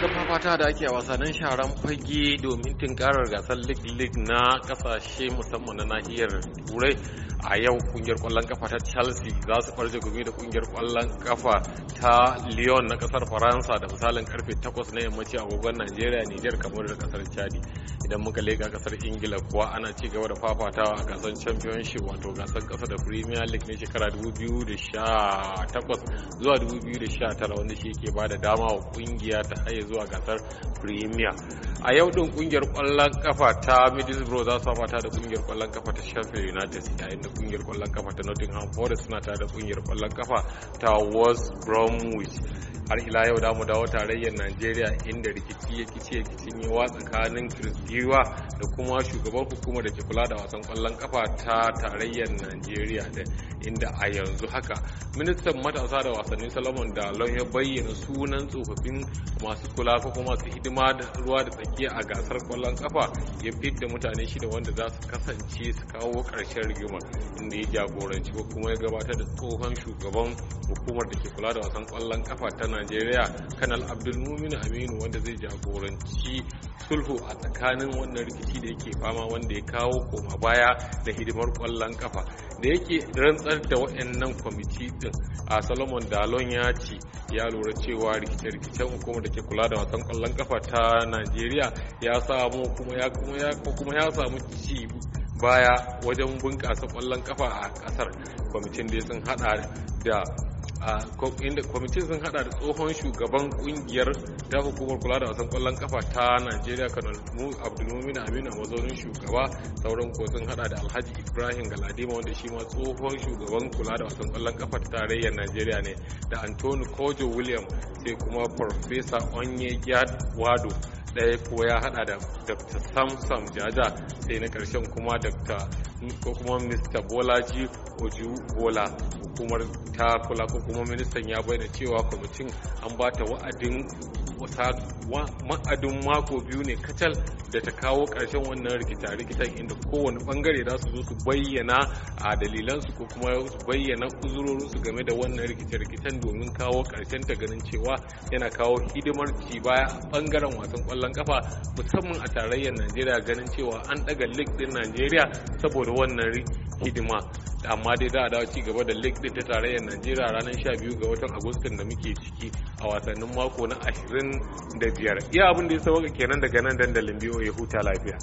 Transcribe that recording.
gaba da fafata da ake a wasannin sharan fage domin tunkarar gasar lig-lig na kasashe musamman na nahiyar turai a yau kungiyar kwallon kafa ta chelsea za su farje gumi da kungiyar kwallon kafa ta lyon na kasar faransa da misalin karfe 8 na yammaci a agogon nigeria niger kamar da kasar chadi idan muka leka kasar ingila kuwa ana ci gaba da fafatawa a gasar championship wato gasar kasa da premier league na shekara 2018 zuwa 2019 wanda shi ke ba da dama wa kungiya ta haye zuwa gasar premier a yau din kungiyar kwallon kafa ta Middlesbrough za su ta da kungiyar kwallon kafa ta Sheffield United yayin da kungiyar kwallon kafa ta Nottingham Forest suna ta da kungiyar kwallon kafa ta West Bromwich har ila yau da mu dawo tarayyar Najeriya inda rikici ya kici ya kici ne wa tsakanin Kirgiwa da kuma shugaban hukumar da ke kula da wasan kwallon kafa ta tarayyar Najeriya da inda a yanzu haka ministan matasa da wasannin Salomon Dalon ya bayyana sunan tsofaffin masu kula ko kuma masu hidima da ruwa da tsakiya a gasar kwallon kafa ya fidda mutane shida wanda za su kasance su kawo karshen rigimar inda ya jagoranci ko kuma ya gabatar da tsohon shugaban hukumar da ke kula da wasan kwallon kafa ta najeriya kanal abdulmumin aminu wanda zai jagoranci sulhu a tsakanin wannan rikici da yake fama wanda ya kawo koma baya da hidimar kwallon kafa da yake rantsar da waɗannan kwamiti din a solomon dalon ya ce ya lura cewa rikice-rikicen hukumar da ke kula da wasan kwallon kafa ta najeriya ya samu kuma ya samu ci baya wajen bunƙasa kwallon kafa a ƙasar kwamitin da sun hada da a inda kwamitin sun hada da tsohon shugaban kungiyar ta hukumar kula da wasan kwallon kafa ta najeriya kan mu abdulmumin aminu a mazaunin shugaba sauran ko sun hada da alhaji ibrahim galadima wanda shi ma tsohon shugaban kula da wasan kwallon kafa ta tarayyar najeriya ne da antoni kojo william sai kuma farfesa onye wado ɗaya ko ya hada da dr samsam jaja sai na karshen kuma dr ko kuma mr bolaji oju bola hukumar ta kula ko kuma ministan ya bayyana cewa kwamitin an ba ta wa'adin ma'adin mako biyu ne kacal da ta kawo karshen wannan rikita-rikitan inda kowane bangare za su zo su bayyana a dalilansu ko kuma su bayyana uzurorinsu game da wannan rikita-rikitan domin kawo karshen ta ganin cewa yana kawo hidimar ci baya a bangaren wasan kwallon kafa musamman a tarayyar najeriya ganin cewa an daga lig ɗin najeriya saboda wannan hidima amma dai za a dawo ci gaba da league din ta tarayyar najeriya ranar 12 ga watan agustan da muke ciki a wasannin mako na 25 iya abin da ya sauka kenan daga nan dandalin biyu ya huta lafiya